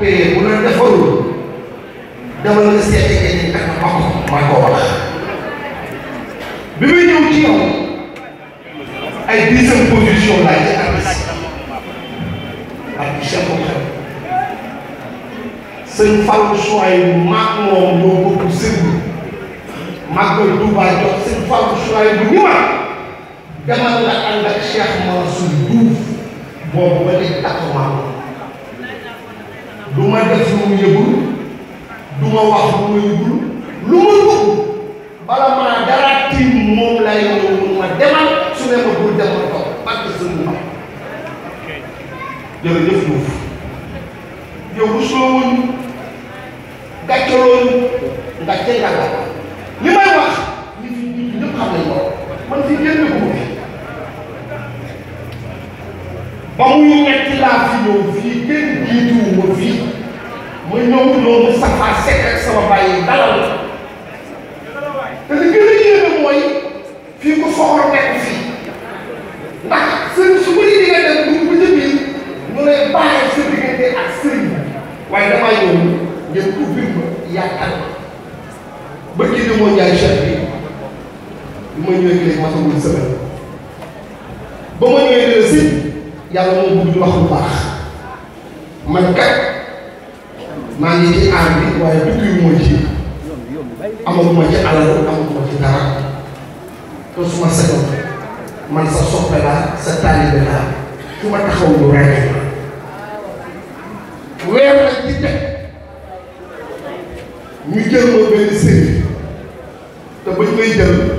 soppee bu la defarul demal nga seeti keneen ak ma ko maa ko wax bi muy ci yow ay dixième position laa ci artiste ak chef bu xel sëñ Fallou Choy maag moom ñoo bokk sëñ màggal Touba jox sëñ Fallou Choy bu ni ma demal nga ànd ak Cheikh Mansour Diouf boobu ba léegi ma def lu mu yëgul du ma wax lu ma yëgul lu bala maa dara tiim moom lay yow mun ma demal su ne ma bul demal ko parce que sëñ ma jërëjëf Diouf yow rusloo wuñ gàcceloo gàcce yàlla li may wax ñi fi ñi ñëpp xam nañ ko man fi génn ko fi ba muy nekk laa fi ñëw fii kenn jiituwu ma fii noonu Moustapha Seck ak sama bàyyi dalal la te mooy fii ko soxor nekk fii ndax sëriñ su bëri di nga dem bu ñu jëmee ñu lay bàyyi sa diggante ak sëriñ waaye damaa ñëw ngeen ubbi ma yàqal ba kii di moo njaay chef bi bi ma ñëwee léegi matagul semaine ba ma ñëwee léegi si yàlla moo bëgg di wax lu baax maa ngi ci aar bi waaye dugg yi mooy ji amaguma ci alal amaguma ci dara te su ma sañoon man sa soppe laa sa taalibe laa fu ma taxaw lu rek weer la ci teg ñu jël ma benn série te bañ may jël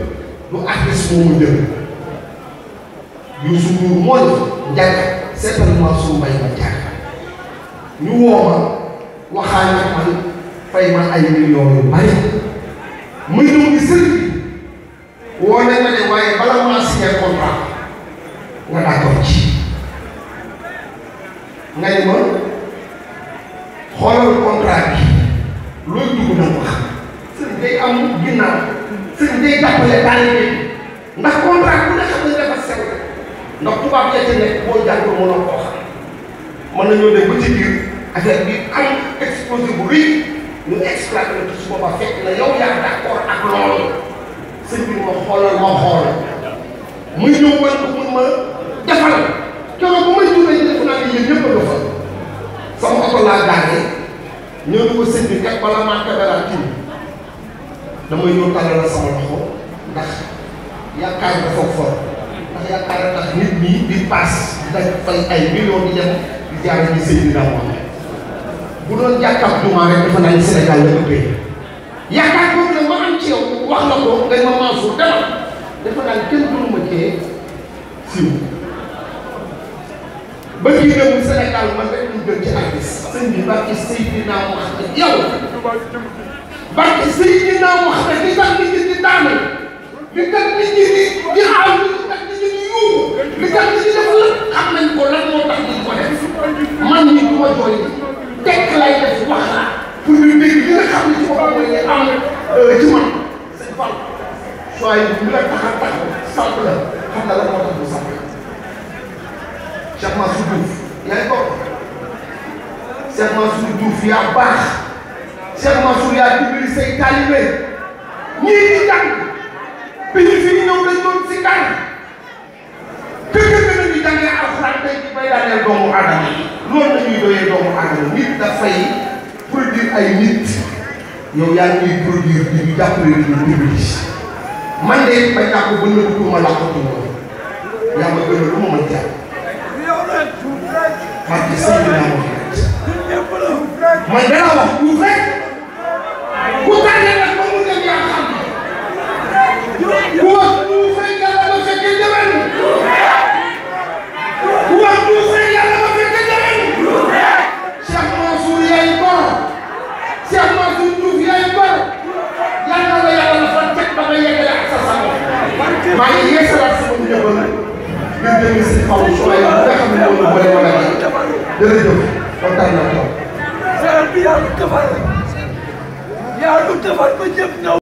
yu su mooy njàkk seetal ma su mbay ma jàkk ñu waxaay ak man fay man ay millions yu bari muy ñëw di sëriñ bi woo nañ ma ne waaye bala maa signé contrat nga d'accord ci nga ne ma xoolal contrat bi looy dugg na wax sëriñ day am ginnaaw sëriñ day jàppale taalibe bi ndax contrat bu ne xam ne dafa sew ndax tubaab yaa ci nekk boo jàng mën a ko xam mën nañoo dem ba ci biir agar bi ay exposé buri lu ñu exploité la semua pakai fekk yau yang tak kor accord sendiri loolu sëñ menyumbang ma pun mah xool mu ñëw man ko mun ma defal keroog bu sama aku lagi nyuruh ñëw ni ko sëñ bi kat bala maa tabalaa tiim itu ñëw tàllal sama loxo dah, ya dafa for dah ya ndax kan, dah hidup di pas dah fay ay dia dia ada di eh, sini ci bu doon jàkkaam jumaa rek dafa naa Sénégal la ëppee yaakaar boobu nag ma am ci yow wax la ko nga ma Mansour demal dafa naa kenn mënu ma cee siiw ba kii dem Sénégal man rek ñu jël ci artiste sëñ bi barke Seydina Muhammad yow barke Seydina Muhammad di tax nit ñi di daanal di tax nit ñi di di aal di tax nit ñi di yuuxu di tax nit ñi di bilang Sample, quand la kan langue entend vos sacrés. Cheikh Massoudou, il y a un corps. Siapa Massoudou, il y a Bach. Cheikh Massoudou, il y a Dibli, c'est Kalimé. Ni Nidan. Puis il finit dans le ya, monde, c'est Kalimé. Quelqu'un qui dit dans les Afghans, qui va ya, dans les dons Adam. L'autre qui veut les dons Adam. Nid da di jàppale di man de may naa ko buñ la ko tuuma laa ko tuuma yaa ma gën a lu ma mën jàpp parce que sëñ bi naa ma man danaa wax tuut rek ku tànnee Pape Souleymane bi nga xam ne moom moo leen wane jërëjëf kontaan naa trop.